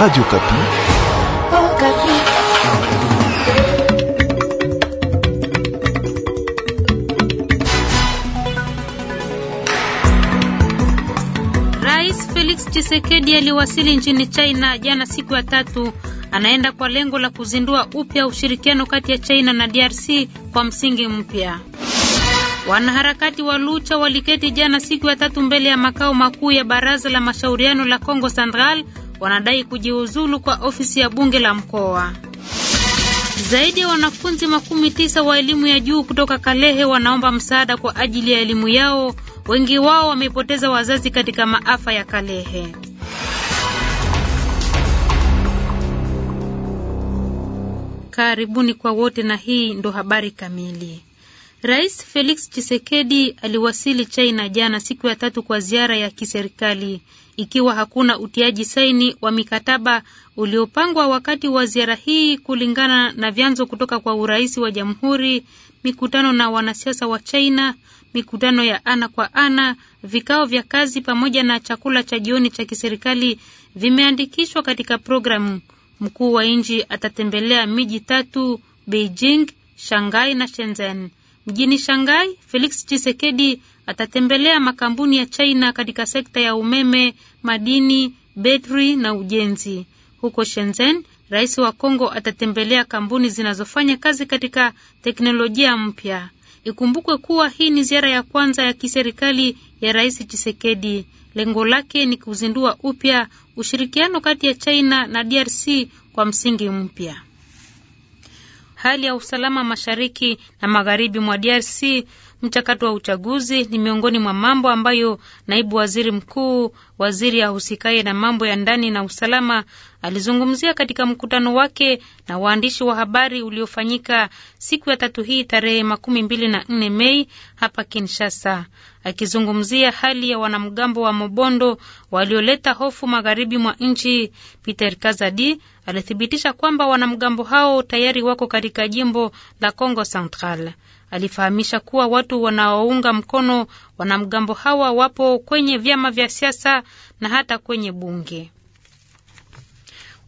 Radio Kapi. Oh, Kapi. Rais Felix Tshisekedi aliwasili nchini China jana siku ya tatu. Anaenda kwa lengo la kuzindua upya ushirikiano kati ya China na DRC kwa msingi mpya. Wanaharakati wa Lucha waliketi jana siku ya tatu mbele ya makao makuu ya baraza la mashauriano la Kongo Central wanadai kujiuzulu kwa ofisi ya bunge la mkoa. Zaidi ya wanafunzi makumi tisa wa elimu ya juu kutoka Kalehe wanaomba msaada kwa ajili ya elimu yao. Wengi wao wamepoteza wazazi katika maafa ya Kalehe. Karibuni kwa wote na hii ndo habari kamili. Rais Felix Tshisekedi aliwasili China jana siku ya tatu kwa ziara ya kiserikali ikiwa hakuna utiaji saini wa mikataba uliopangwa wakati wa ziara hii, kulingana na vyanzo kutoka kwa urais wa jamhuri, mikutano na wanasiasa wa China, mikutano ya ana kwa ana, vikao vya kazi pamoja na chakula cha jioni cha kiserikali vimeandikishwa katika programu. Mkuu wa nchi atatembelea miji tatu: Beijing, Shanghai na Shenzhen. Mjini Shanghai, Felix Tshisekedi atatembelea makampuni ya China katika sekta ya umeme, madini, betri na ujenzi. Huko Shenzhen, rais wa Kongo atatembelea kampuni zinazofanya kazi katika teknolojia mpya. Ikumbukwe kuwa hii ni ziara ya kwanza ya kiserikali ya Rais Tshisekedi. Lengo lake ni kuzindua upya ushirikiano kati ya China na DRC kwa msingi mpya hali ya usalama mashariki na magharibi mwa DRC mchakato wa uchaguzi ni miongoni mwa mambo ambayo naibu waziri mkuu, waziri ahusikaye na mambo ya ndani na usalama, alizungumzia katika mkutano wake na waandishi wa habari uliofanyika siku ya tatu hii tarehe makumi mbili na nne Mei hapa Kinshasa, akizungumzia hali ya wanamgambo wa Mobondo walioleta hofu magharibi mwa nchi. Peter Kazadi alithibitisha kwamba wanamgambo hao tayari wako katika jimbo la Congo Central. Alifahamisha kuwa watu wanaounga mkono wanamgambo hawa wapo kwenye vyama vya siasa na hata kwenye bunge.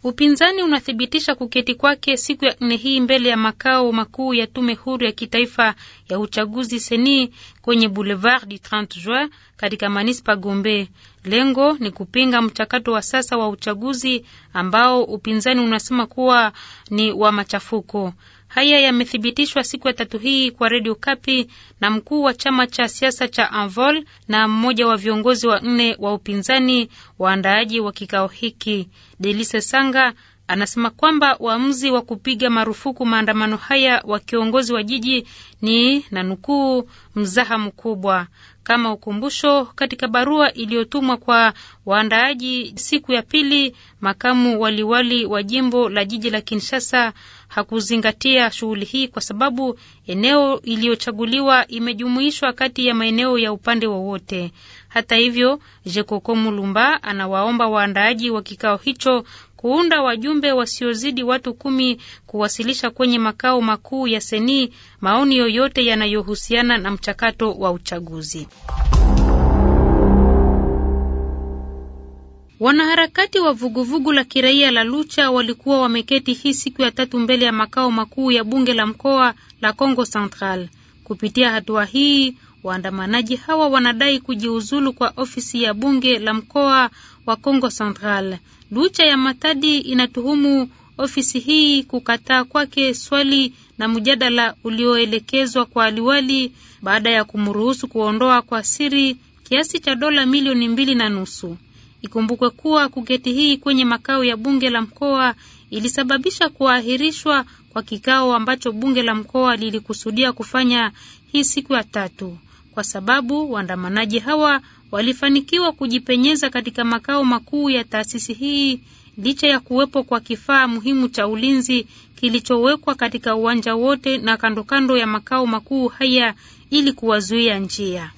Upinzani unathibitisha kuketi kwake siku ya nne hii mbele ya makao makuu ya tume huru ya kitaifa ya uchaguzi seni kwenye Boulevard du 30 Juin katika manispa Gombe. Lengo ni kupinga mchakato wa sasa wa uchaguzi ambao upinzani unasema kuwa ni wa machafuko. Haya yamethibitishwa siku ya tatu hii kwa redio Kapi na mkuu wa chama cha siasa cha Anvol na mmoja wa viongozi wa nne wa upinzani waandaaji wa kikao hiki Delise Sanga anasema kwamba uamuzi wa kupiga marufuku maandamano haya wa kiongozi wa jiji ni na nukuu, mzaha mkubwa. Kama ukumbusho, katika barua iliyotumwa kwa waandaaji siku ya pili, makamu waliwali wa jimbo la jiji la Kinshasa hakuzingatia shughuli hii kwa sababu eneo iliyochaguliwa imejumuishwa kati ya maeneo ya upande wowote. Hata hivyo, Jekoko Mulumba anawaomba waandaaji wa kikao hicho kuunda wajumbe wasiozidi watu kumi kuwasilisha kwenye makao makuu ya Seni maoni yoyote yanayohusiana na mchakato wa uchaguzi. Wanaharakati wa vuguvugu la kiraia la Lucha walikuwa wameketi hii siku ya tatu mbele ya makao makuu ya bunge la mkoa la Congo Central. Kupitia hatua hii, waandamanaji hawa wanadai kujiuzulu kwa ofisi ya bunge la mkoa wa Congo Central. Lucha ya Matadi inatuhumu ofisi hii kukataa kwake swali na mjadala ulioelekezwa kwa aliwali baada ya kumruhusu kuondoa kwa siri kiasi cha dola milioni mbili na nusu. Ikumbukwe kuwa kuketi hii kwenye makao ya bunge la mkoa ilisababisha kuahirishwa kwa kikao ambacho bunge la mkoa lilikusudia kufanya hii siku ya tatu, kwa sababu waandamanaji hawa walifanikiwa kujipenyeza katika makao makuu ya taasisi hii licha ya kuwepo kwa kifaa muhimu cha ulinzi kilichowekwa katika uwanja wote na kandokando ya makao makuu haya ili kuwazuia njia.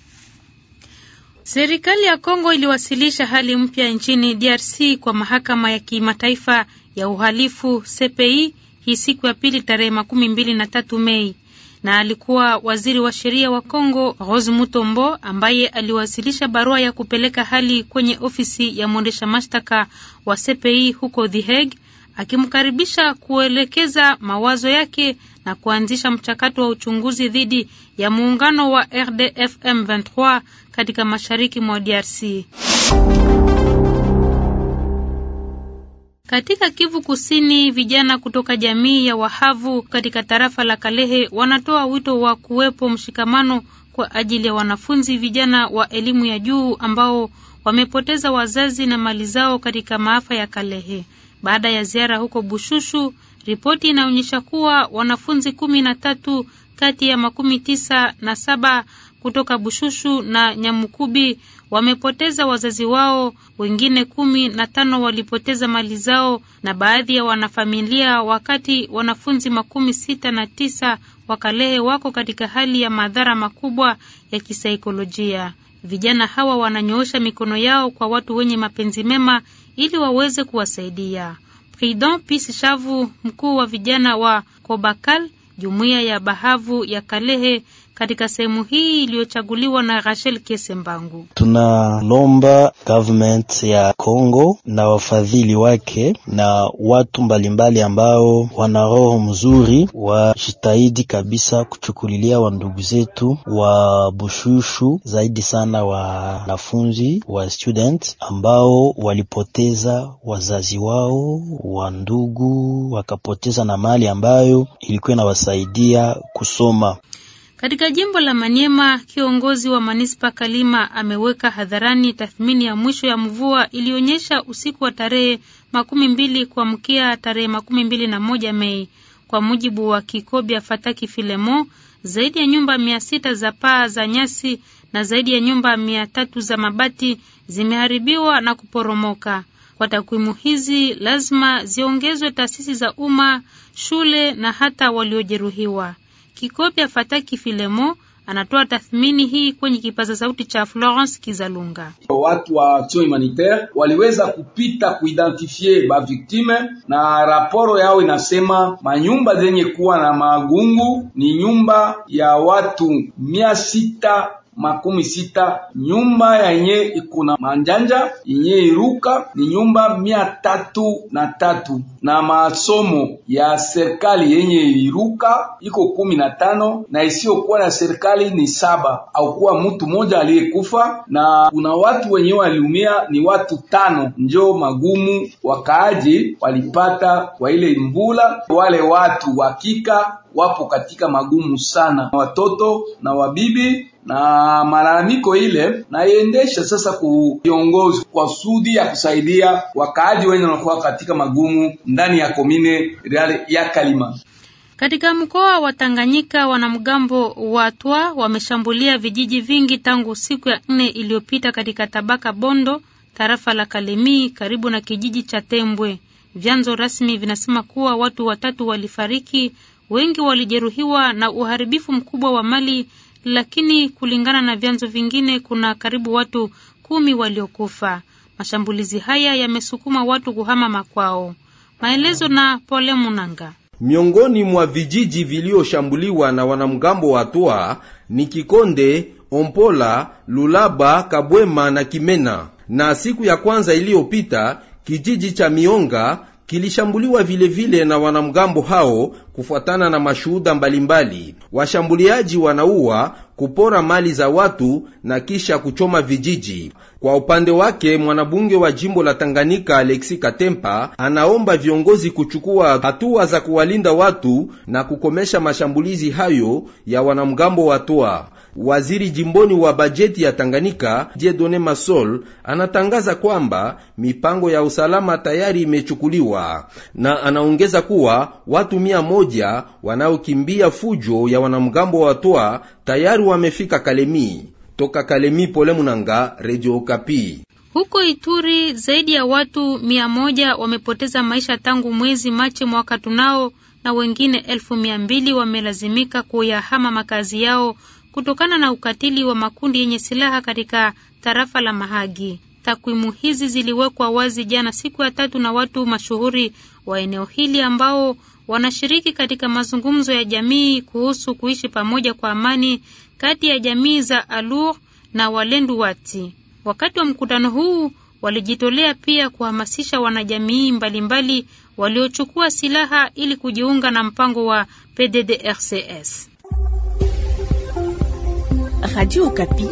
Serikali ya Kongo iliwasilisha hali mpya nchini DRC kwa mahakama ya kimataifa ya uhalifu CPI hii siku ya pili tarehe makumi mbili na tatu Mei na alikuwa waziri wa sheria wa Kongo Rose Mutombo ambaye aliwasilisha barua ya kupeleka hali kwenye ofisi ya mwendesha mashtaka wa CPI huko The Hague akimkaribisha kuelekeza mawazo yake na kuanzisha mchakato wa uchunguzi dhidi ya muungano wa RDF M23 katika mashariki mwa DRC. Katika Kivu Kusini, vijana kutoka jamii ya Wahavu katika tarafa la Kalehe wanatoa wito wa kuwepo mshikamano kwa ajili ya wanafunzi vijana wa elimu ya juu ambao wamepoteza wazazi na mali zao katika maafa ya Kalehe. Baada ya ziara huko Bushushu, ripoti inaonyesha kuwa wanafunzi kumi na tatu kati ya makumi tisa na saba kutoka Bushushu na Nyamukubi wamepoteza wazazi wao, wengine kumi na tano walipoteza mali zao na baadhi ya wanafamilia, wakati wanafunzi makumi sita na tisa wa Kalehe wako katika hali ya madhara makubwa ya kisaikolojia. Vijana hawa wananyoosha mikono yao kwa watu wenye mapenzi mema ili waweze kuwasaidia. Pridon pis Shavu, mkuu wa vijana wa Kobakal, jumuiya ya Bahavu ya Kalehe katika sehemu hii iliyochaguliwa na Rachel Kesembangu. Tunalomba government ya congo na wafadhili wake na watu mbalimbali ambao wana roho mzuri wajitahidi kabisa kuchukulilia wandugu zetu wa Bushushu, zaidi sana wanafunzi wa student ambao walipoteza wazazi wao wa ndugu, wakapoteza na mali ambayo ilikuwa inawasaidia kusoma. Katika jimbo la Manyema, kiongozi wa manispa Kalima ameweka hadharani tathmini ya mwisho ya mvua iliyonyesha usiku wa tarehe makumi mbili kuamkia tarehe makumi mbili na moja Mei. Kwa mujibu wa Kikobya Fataki Filemo, zaidi ya nyumba mia sita za paa za nyasi na zaidi ya nyumba mia tatu za mabati zimeharibiwa na kuporomoka. Kwa takwimu hizi, lazima ziongezwe taasisi za umma, shule na hata waliojeruhiwa. Kikope Fataki Filemo anatoa tathmini hii kwenye kipaza sauti cha Florence Kizalunga. Watu wa action humanitaire waliweza kupita kuidentifie victime na raporo yao inasema manyumba zenye kuwa na magungu ni nyumba ya watu mia sita makumi sita. Nyumba yenye iko na manjanja yenye iruka ni nyumba mia tatu na tatu na masomo ya serikali yenye iruka iko kumi na tano na isiyokuwa na serikali ni saba, au kuwa mtu mmoja aliyekufa, na kuna watu wenye waliumia ni watu tano. Njo magumu wakaaji walipata kwa ile mvula. Wale watu wakika wapo katika magumu sana, watoto na wabibi na malalamiko ile naiendesha sasa ku viongozi kwa sudi ya kusaidia wakaaji wenye wanakuwa katika magumu ndani ya komine real ya Kalima. Katika mkoa wa Tanganyika, wanamgambo wa twa wameshambulia vijiji vingi tangu siku ya nne iliyopita katika tabaka Bondo, tarafa la Kalemie, karibu na kijiji cha Tembwe. Vyanzo rasmi vinasema kuwa watu watatu walifariki, wengi walijeruhiwa na uharibifu mkubwa wa mali lakini kulingana na vyanzo vingine kuna karibu watu kumi waliokufa. Mashambulizi haya yamesukuma watu kuhama makwao. Maelezo na Pole Munanga. Miongoni mwa vijiji viliyoshambuliwa na wanamgambo wa Twa ni Kikonde, Ompola, Lulaba, Kabwema na Kimena. Na siku ya kwanza iliyopita kijiji cha Mionga kilishambuliwa vilevile vile na wanamgambo hao kufuatana na mashuhuda mbalimbali. Washambuliaji wanaua, kupora mali za watu na kisha kuchoma vijiji. Kwa upande wake, mwanabunge wa jimbo la Tanganyika Alexi Katempa anaomba viongozi kuchukua hatua za kuwalinda watu na kukomesha mashambulizi hayo ya wanamgambo wa toa. Waziri jimboni wa bajeti ya Tanganyika Jedone Masol anatangaza kwamba mipango ya usalama tayari imechukuliwa na anaongeza kuwa watu mia moja moja wanaokimbia fujo ya wanamgambo wa Toa tayari wamefika Kalemi. Toka Kalemi, Pole Munanga, Radio Okapi. Huko Ituri zaidi ya watu mia moja wamepoteza maisha tangu mwezi Machi mwaka tunao, na wengine elfu mia mbili wamelazimika kuyahama makazi yao kutokana na ukatili wa makundi yenye silaha katika tarafa la Mahagi. Takwimu hizi ziliwekwa wazi jana siku ya tatu na watu mashuhuri wa eneo hili ambao wanashiriki katika mazungumzo ya jamii kuhusu kuishi pamoja kwa amani kati ya jamii za Alur na Walendu Wati. Wakati wa mkutano huu walijitolea pia kuhamasisha wanajamii mbalimbali waliochukua silaha ili kujiunga na mpango wa PDDRCS. Radio Kapi,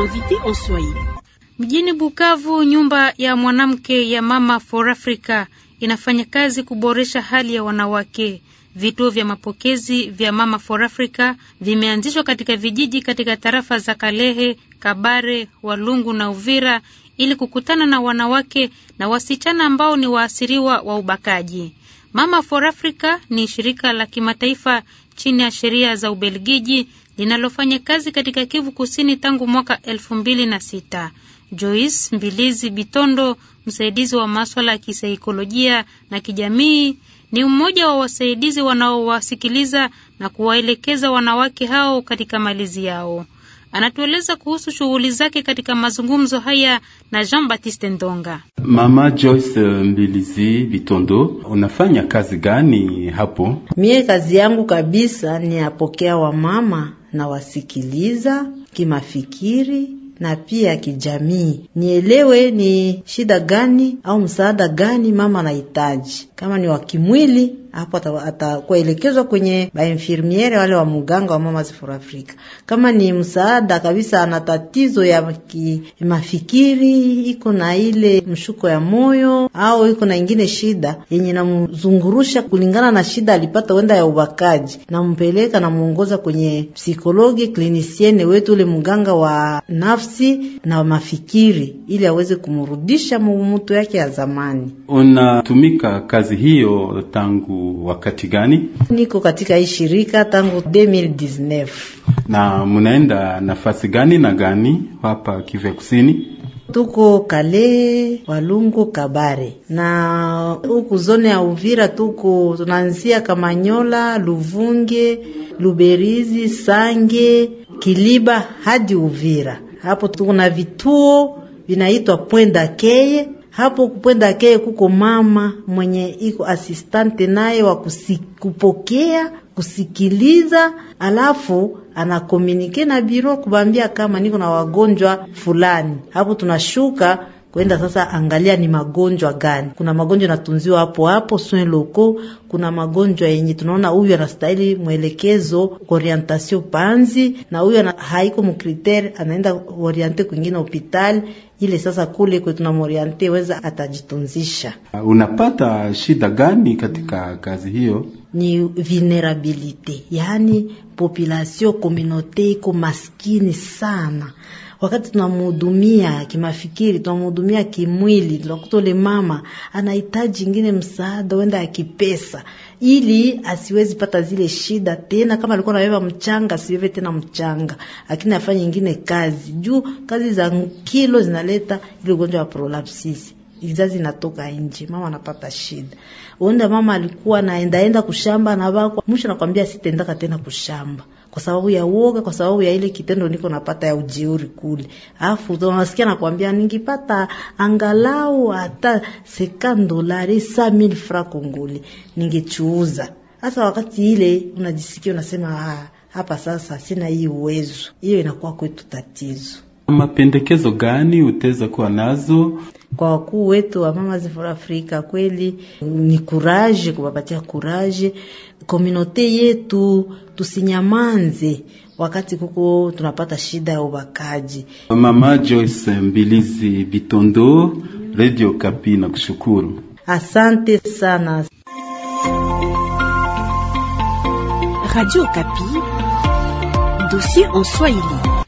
invité en Swahili. Mjini Bukavu, nyumba ya mwanamke ya Mama for Africa inafanya kazi kuboresha hali ya wanawake. Vituo vya mapokezi vya Mama for Africa vimeanzishwa katika vijiji katika tarafa za Kalehe, Kabare, Walungu na Uvira ili kukutana na wanawake na wasichana ambao ni waasiriwa wa ubakaji. Mama for Africa ni shirika la kimataifa chini ya sheria za Ubelgiji linalofanya kazi katika Kivu Kusini tangu mwaka elfu mbili na sita. Joyce Mbilizi Bitondo, msaidizi wa maswala ya kisaikolojia na kijamii, ni mmoja wa wasaidizi wanaowasikiliza na kuwaelekeza wanawake hao katika malezi yao. Anatueleza kuhusu shughuli zake katika mazungumzo haya na Jean Baptiste Ndonga. Mama Joyce Mbilizi Bitondo, unafanya kazi gani hapo? Mie kazi yangu kabisa ni yapokea wamama nawasikiliza kimafikiri na pia kijamii, nielewe ni shida gani au msaada gani mama anahitaji, kama ni wa kimwili hapo atakuelekezwa kwenye bainfirmiere wale wa muganga wa mama for Africa. Kama ni msaada kabisa, ana tatizo ya mafikiri, iko na ile mshuko ya moyo au iko na ingine shida yenye namzungurusha kulingana na shida alipata wenda ya ubakaji, nampeleka namuongoza kwenye psikologi klinisiene wetu ule mganga wa nafsi na mafikiri, ili aweze kumrudisha mumutu yake ya zamani. Unatumika kazi hiyo tangu wakati gani? Niko katika hii shirika tangu 2019. Na mnaenda nafasi gani na gani hapa Kivu Kusini? Tuko Kale, Walungu, Kabare na huku zone ya Uvira tuko tunaanzia Kamanyola, Luvunge, Luberizi, Sange, Kiliba hadi Uvira. Hapo tuko na vituo vinaitwa pwenda keye hapo kupwenda kee kuko mama mwenye iko asistante naye wa kupokea kusikiliza, alafu anakomunike na biro kubambia kama niko na wagonjwa fulani, hapo tunashuka kwenda sasa, angalia ni magonjwa gani. Kuna magonjwa yanatunziwa hapo hapo soin loko, kuna magonjwa yenye tunaona huyu anastahili mwelekezo orientation panzi, na huyu haiko mukriteri, anaenda oriente kwingine hospitali ile sasa kule kwetu na moriente weza atajitunzisha. Uh, unapata shida gani katika kazi hiyo? Ni vulnerabilite, yaani population communaute iko maskini sana wakati tunamhudumia kimafikiri, tunamhudumia kimwili, tunakuta ule mama anahitaji ingine msaada, uenda ya kipesa, ili asiwezi pata zile shida tena. Kama alikuwa anabeba mchanga, asibebe tena mchanga, lakini afanye ingine kazi, juu kazi za kilo zinaleta ile ugonjwa wa prolapsis izazi inatoka nje, mama anapata shida. Uenda mama alikuwa naendaenda kushamba, navakwa mwisho nakwambia sitendaka tena kushamba kwa sababu ya uoga, kwa sababu ya ile kitendo niko napata ya ujeuri kule. Afu ndo nasikia nakwambia, ningipata angalau hata sekan dolari sa mil fra Kongole ningechuuza. Hasa wakati ile unajisikia unasema, ah, hapa sasa sina hii uwezo. Hiyo inakuwa kwetu tatizo. Mapendekezo gani utaweza kuwa nazo kwa wakuu wetu wa Mama for Afrika? Kweli ni kuraje, kuwapatia kuraje komunote yetu, tusinyamanze wakati kuko tunapata shida ya ubakaji. Mama Joyce Mbilizi Bitondo, Radio Kapi na kushukuru, asante sana. Radio Kapi, dossier en Swahili.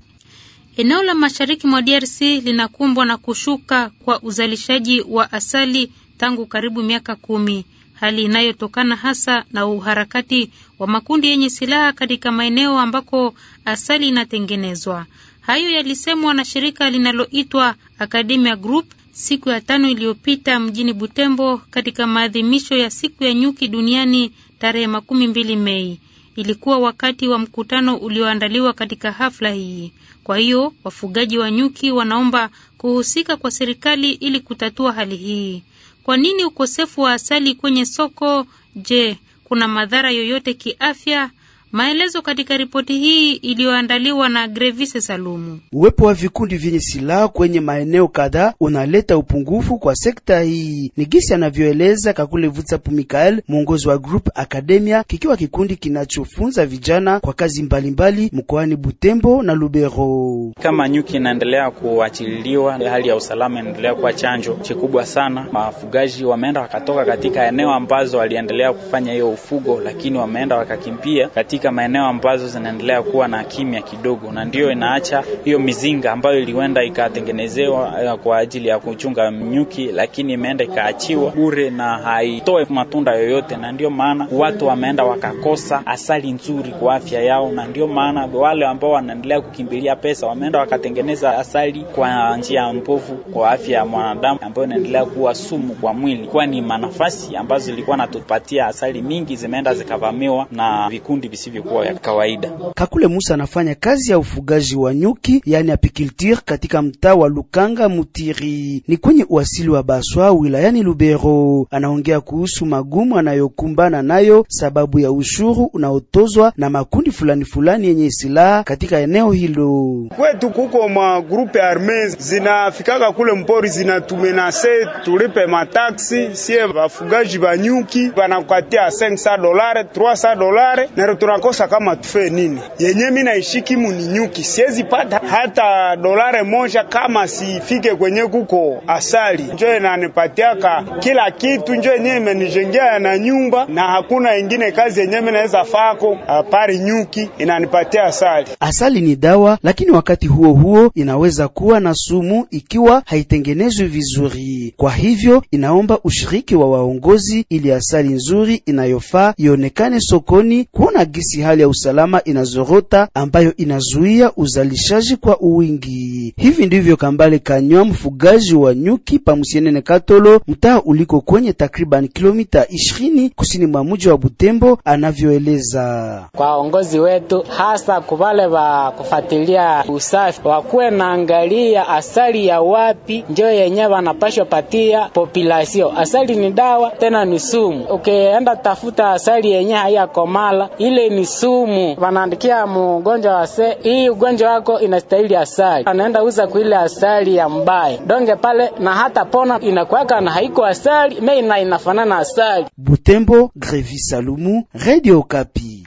Eneo la mashariki mwa DRC linakumbwa na kushuka kwa uzalishaji wa asali tangu karibu miaka kumi, hali inayotokana hasa na uharakati wa makundi yenye silaha katika maeneo ambako asali inatengenezwa. Hayo yalisemwa na shirika linaloitwa Academia Group siku ya tano iliyopita mjini Butembo katika maadhimisho ya siku ya nyuki duniani tarehe makumi mbili Mei ilikuwa wakati wa mkutano ulioandaliwa katika hafla hii. Kwa hiyo wafugaji wa nyuki wanaomba kuhusika kwa serikali ili kutatua hali hii. Kwa nini ukosefu wa asali kwenye soko? Je, kuna madhara yoyote kiafya? Maelezo katika ripoti hii iliyoandaliwa na Grevise Salumu. Uwepo wa vikundi vyenye silaha kwenye maeneo kadhaa unaleta upungufu kwa sekta hii, ni gisi anavyoeleza Kakule Vutsapu Mikael, mwongozi wa Group Academia, kikiwa kikundi kinachofunza vijana kwa kazi mbalimbali mkoani Butembo na Lubero. Kama nyuki inaendelea kuachiliwa, hali ya usalama inaendelea kuwa chanjo kikubwa sana. Wafugaji wameenda wakatoka katika eneo ambazo waliendelea kufanya hiyo ufugo, lakini wameenda wakakimbia katika katika maeneo ambazo zinaendelea kuwa na kimya kidogo, na ndio inaacha hiyo mizinga ambayo iliwenda ikatengenezewa eh, kwa ajili ya kuchunga nyuki, lakini imeenda ikaachiwa bure na haitoe matunda yoyote, na ndio maana watu wameenda wakakosa asali nzuri kwa afya yao, na ndio maana wale ambao wanaendelea kukimbilia pesa wameenda wakatengeneza asali kwa njia mbovu kwa afya ya mwanadamu, ambayo inaendelea kuwa sumu kwa mwili, kwani manafasi ambazo zilikuwa natupatia asali mingi zimeenda zikavamiwa na vikundi visivyo isivyokuwa ya kawaida. Kakule Musa anafanya kazi ya ufugaji wa nyuki, yani apikiltir, katika mtaa wa Lukanga Mutiri, ni kwenye uasili wa Baswa wilayani Lubero. Anaongea kuhusu magumu anayokumbana nayo sababu ya ushuru unaotozwa na makundi fulani fulani yenye silaha katika eneo hilo. Kwetu kuko ma grupe arme zinafikaka kule mpori zinatumenase tulipe mataksi, sie vafugaji banyuki, nyuki 500 dolare 300 dolare na tunakosa kama tufe nini? Yenye mimi naishiki muninyuki, siwezi pata hata dolare moja kama sifike kwenye kuko asali, njo inanipatiaka kila kitu, njo yenye imenijengea na nyumba, na hakuna ingine kazi yenye mimi naweza fako apari nyuki inanipatia asali. Asali ni dawa, lakini wakati huo huo inaweza kuwa na sumu ikiwa haitengenezwi vizuri. Kwa hivyo inaomba ushiriki wa waongozi ili asali nzuri inayofaa ionekane sokoni kuona gisi jinsi hali ya usalama inazorota ambayo inazuia uzalishaji kwa uwingi. Hivi ndivyo Kambale Kanywa, mfugaji wa nyuki pamusienene Katolo, mtaa uliko kwenye takriban kilomita ishirini kusini mwa mji wa Butembo, anavyoeleza. Kwa ongozi wetu, hasa kubale wa kufatilia usafi, wakuwe angalia asali ya wapi njo yenye wanapashwa patia populasio. Asali ni dawa tena ni sumu, ukienda okay, tafuta asali yenye komala ile ni sumu, wanaandikia mgonjwa wase, hii ugonjwa wako inastahili asali. Anaenda uza kuile asali ya mbaye donge pale na hata pona inakuwaka na haiko asali meina inafanana asali. Butembo, Grevi Salumu, Radio Kapi.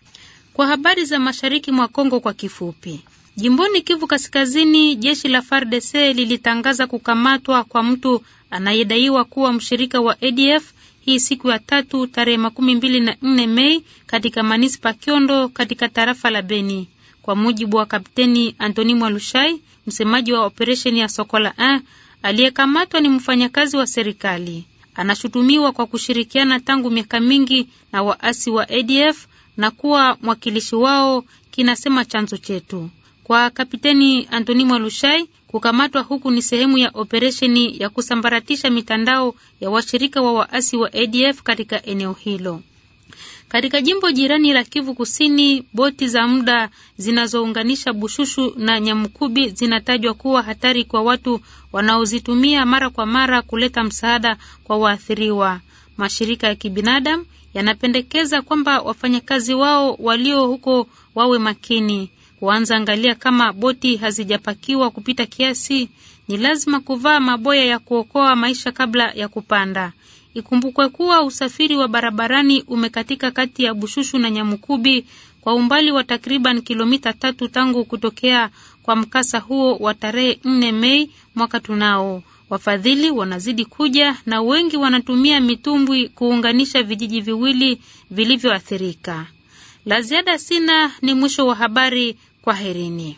Kwa habari za mashariki mwa Kongo kwa kifupi. Jimboni Kivu Kaskazini, jeshi la FARDC lilitangaza kukamatwa kwa mtu anayedaiwa kuwa mshirika wa ADF hii siku ya tatu tarehe makumi mbili na nne Mei katika manispa Kiondo katika tarafa la Beni, kwa mujibu wa Kapteni Antoni Mwalushai, msemaji wa operesheni ya Sokola 1. Aliyekamatwa ni mfanyakazi wa serikali, anashutumiwa kwa kushirikiana tangu miaka mingi na waasi wa ADF na kuwa mwakilishi wao, kinasema chanzo chetu. Kwa Kapteni Antoni Mwalushai, Kukamatwa huku ni sehemu ya operesheni ya kusambaratisha mitandao ya washirika wa waasi wa ADF katika eneo hilo. Katika jimbo jirani la Kivu Kusini, boti za muda zinazounganisha Bushushu na Nyamukubi zinatajwa kuwa hatari kwa watu wanaozitumia mara kwa mara kuleta msaada kwa waathiriwa. Mashirika ya kibinadamu yanapendekeza kwamba wafanyakazi wao walio huko wawe makini kuanza angalia kama boti hazijapakiwa kupita kiasi. Ni lazima kuvaa maboya ya kuokoa maisha kabla ya kupanda. Ikumbukwe kuwa usafiri wa barabarani umekatika kati ya Bushushu na Nyamukubi kwa umbali wa takriban kilomita tatu tangu kutokea kwa mkasa huo wa tarehe 4 Mei mwaka tunao. Wafadhili wanazidi kuja na wengi wanatumia mitumbwi kuunganisha vijiji viwili vilivyoathirika. La ziada sina, ni mwisho wa habari. Kwaherini.